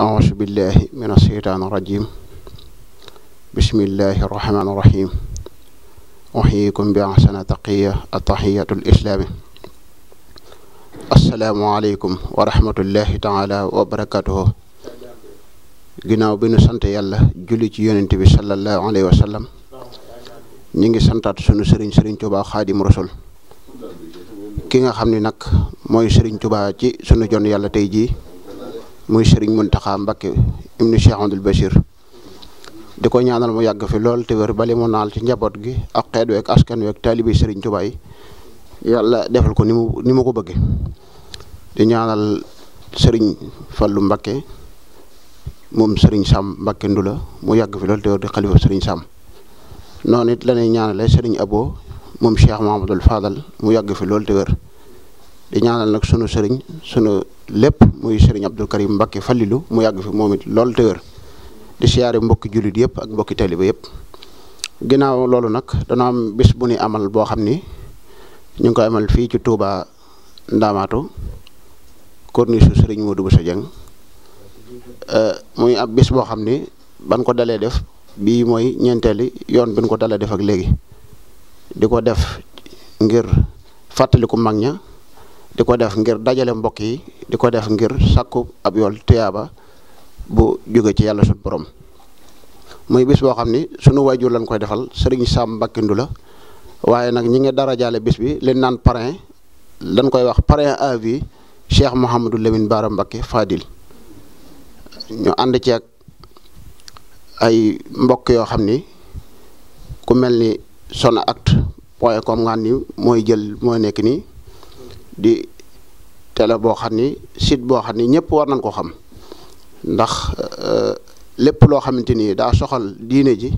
أعوذ بالله من الشيطان الرجيم بسم الله الرحمن الرحيم أحييكم بأحسن تقية التحية الإسلام السلام عليكم ورحمة الله تعالى وبركاته ginnaaw bi nu sant yàlla julli ci yonent bi sallallahu alayhi wa sallam ngi santaat sunu sëriñ sëriñ Tuubaa Xaadim Rasul ki nga xam ni nag mooy sëriñ Tuubaa ci sunu jon yàlla tey jii muy Serigne Mountakha Mbacké ibnu Cheikh Abdoul Bachir di ko ñaanal mu yàgg fi lool te wér bali mu naal ci njaboot gi ak xeet week askan week taalibi sariñ Touba yi yàlla defal ko ni mu ko bëggee di ñaanal Serigne Fallou Mbacké moom Serigne Sam Mbacké Ndoulo mu yàgg fi lool te wér di xalifa Serigne Sam noonu it la ñuy ñaanale Serigne Abo moom Cheikh Mahamadul Fadal mu yàgg fi lool te wér di ñaanal nag sunu Serigne sunu. lépp muy Serigne Abdou Karim Mbacké Fallilou mu yàgg fi moom it loolu te wér di siyaare mbokki jullit yëpp ak mbokki taaliba yëpp ginnaaw loolu nag dana am bis bu ni amal boo xam ni ñu ngi koy amal fii ci ndaamaatu Ndamatou corniche Serigne Modou Bousso Dieng euh, muy ab bis boo xam ni ban ko dalee def bii mooy ñeenteeli yoon bi ko dalee def ak léegi di ko def ngir fàttaliku mag ña. di ko def ngir dajale mbokk yi di ko def ngir sàkku ab yool tuyaaba bu jóge ci yàlla suñu borom muy bis boo xam ni sunu waajur lañ koy defal sëriñ Sam Mbacké Ndoulo waaye nag ñi ngi dara jaale bis bi leen naan parrain dañ koy wax parrain à vie Cheikh Mouhamadou Lamine Bara Mbacké Fadil ñu ànd ci ay mbokk yoo xam ni ku mel ni Sonact point com nga ni mooy jël mooy nekk nii di télé boo xam ni site boo xam ni ñëpp war nañ ko xam ndax euh, lépp loo xamante ni daa soxal diine ji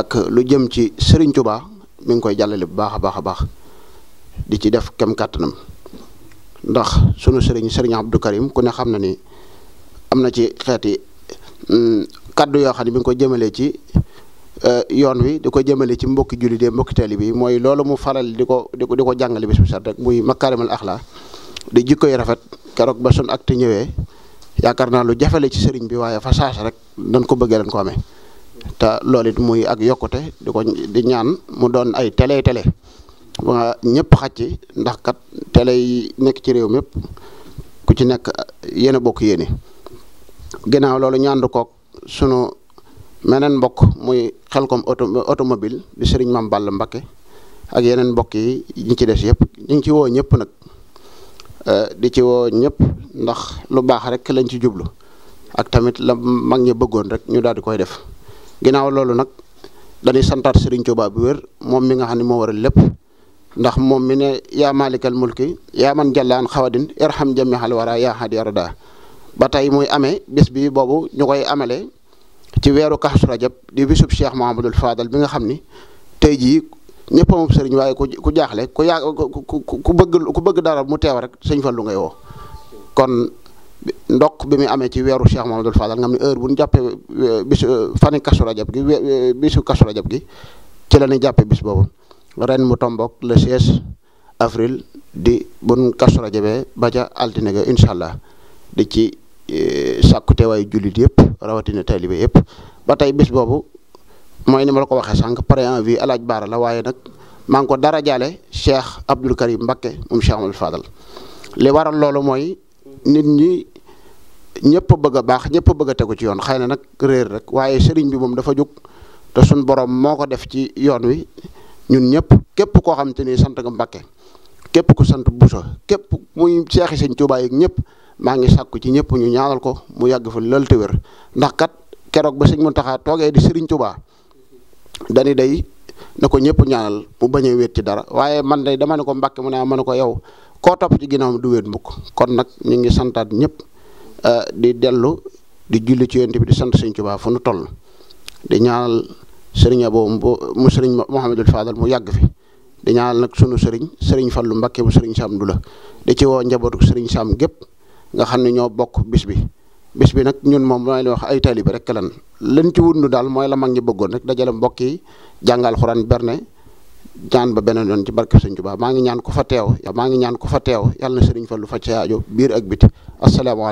ak lu jëm ci Serigne Touba mu ngi koy jàllale bu baax a baax a baax di ci def kem kàttanam ndax sunu sëriñ Serigne Abdou Karim ku ne xam na ni am na ci xeeti mm, kaddu yoo xam ne mi ngi ko jëmalee ci. Eh, yoon wi di ko jëmale ci mbokki julli de mbokki taalibe yi mooy loolu mu faral di ko di ko di ko jàngale bis bu set rek muy makaarimal axlaa di jikkoy rafet keroog ba ak acte ñëwee yaakaar naa lu jafale ci sëriñ bi waaye fa saas rek dañ ko bëggee dañ ko amee te loolu muy ak yokkute di ko di ñaan mu doon ay télé télé waa ñëpp xaj ci ndax kat télé nekk ci réew mépp ku ci nekk yenn a bokk yéene ginnaaw loolu ñaandu koog sunu. meneen mbokk muy xelkom auto automobile di sëriñ Mame Balla Mbakke ak yeneen mbokk yi ñi ci des yëpp ñu ngi ci woo ñëpp nag eh, di ci woo ñëpp ndax lu baax rek lañ ci jublu ak tamit la mag ñi bëggoon rek ñu daal di koy def ginnaaw loolu nag dañuy santaat sëriñ Tuubaa bu wér moom mi nga xam ne moo waral lépp ndax moom mi ne yaa maalikal mulki yaa man jallaan xawadin irham jami xal wara yaa hadi arada ba tey muy amee bis bi boobu ñu koy amale ci weeru Kazu Rajab di bisub Cheikh Mouhamadul Fadal bi nga xam ni tey jii ñëpp a moom sëriñ waaye ku ku jaaxle ku yaa ku bëgg ku bëgg dara mu teew rek sëñ Fallu ngay woo kon ndokk bi muy amee ci weeru Cheikh Mouhamadul Fadal nga xam ne heure bu ñu jàppee eh, bisu eh, fani Kazu Rajab gi eh, bisu Kazu Rajab gi ci la ñuy jàppee bis boobu ren mu tomboog la 16 avril di bun Kazu Rajabee ba altine ga incha allah di ci. te teewaayu jullit yëpp rawatina taalibe yëpp ba tey bis boobu mooy ni ma la ko waxee sànq préavis alaaj baara la waaye nag maa ngi ko dara jaale Cheikh Abdoul Karim Mbakke moom Cheikh Amadou Fadal li waral loolu mooy nit ñi ñëpp bëgg a baax ñëpp bëgg a tegu ci yoon xëy na nag réer rek waaye sëriñ bi moom dafa jóg te suñ boroom moo ko def ci yoon wi ñun ñëpp képp koo xam te ni sant nga Mbakke képp ku sant Bousso képp muy seexi sëñ Tuubaa yeeg ñëpp maa ngi sàkku ci ñëpp ñu ñaanal ko mu yàgg fa lool te wér ndax kat keroog ba sëñ Muntaxa toogee di sëriñ Tuubaa dañuy day na ko ñëpp ñaanal mu bañ wéet ci dara waaye man day dama ne ko Mbàkke mu ne ma ne ko yow koo topp ci ginnaawam du wéet mukk kon nag ñu ngi santaat ñëpp euh, di dellu di julli ci Yonent bi di sant sëñ Tuubaa fu nu toll di ñaanal sëriñ boobu mu sëriñ Mouhamadul Fadal mu yàgg fi. di ñaanal nag sunu sëriñ sëriñ Fallu Mbakke bu sëriñ Sam du la di ci woo njabootu sëriñ Sam gépp nga xam ne ñoo bokk bis bi bis bi nag ñun moom mooy li wax ay taalibe rek lan lañ ci daal mooy la mag ñi bëggoon rek dajale mbokk yi jàngal xuraan berne ñaan ba beneen doon ci barke Sëñ Tuubaa maa ngi ñaan ko fa teew maa ngi ñaan ko fa teew yàlla na sëriñ Fallu fa ci aajo biir ak biti asalaamaaleykum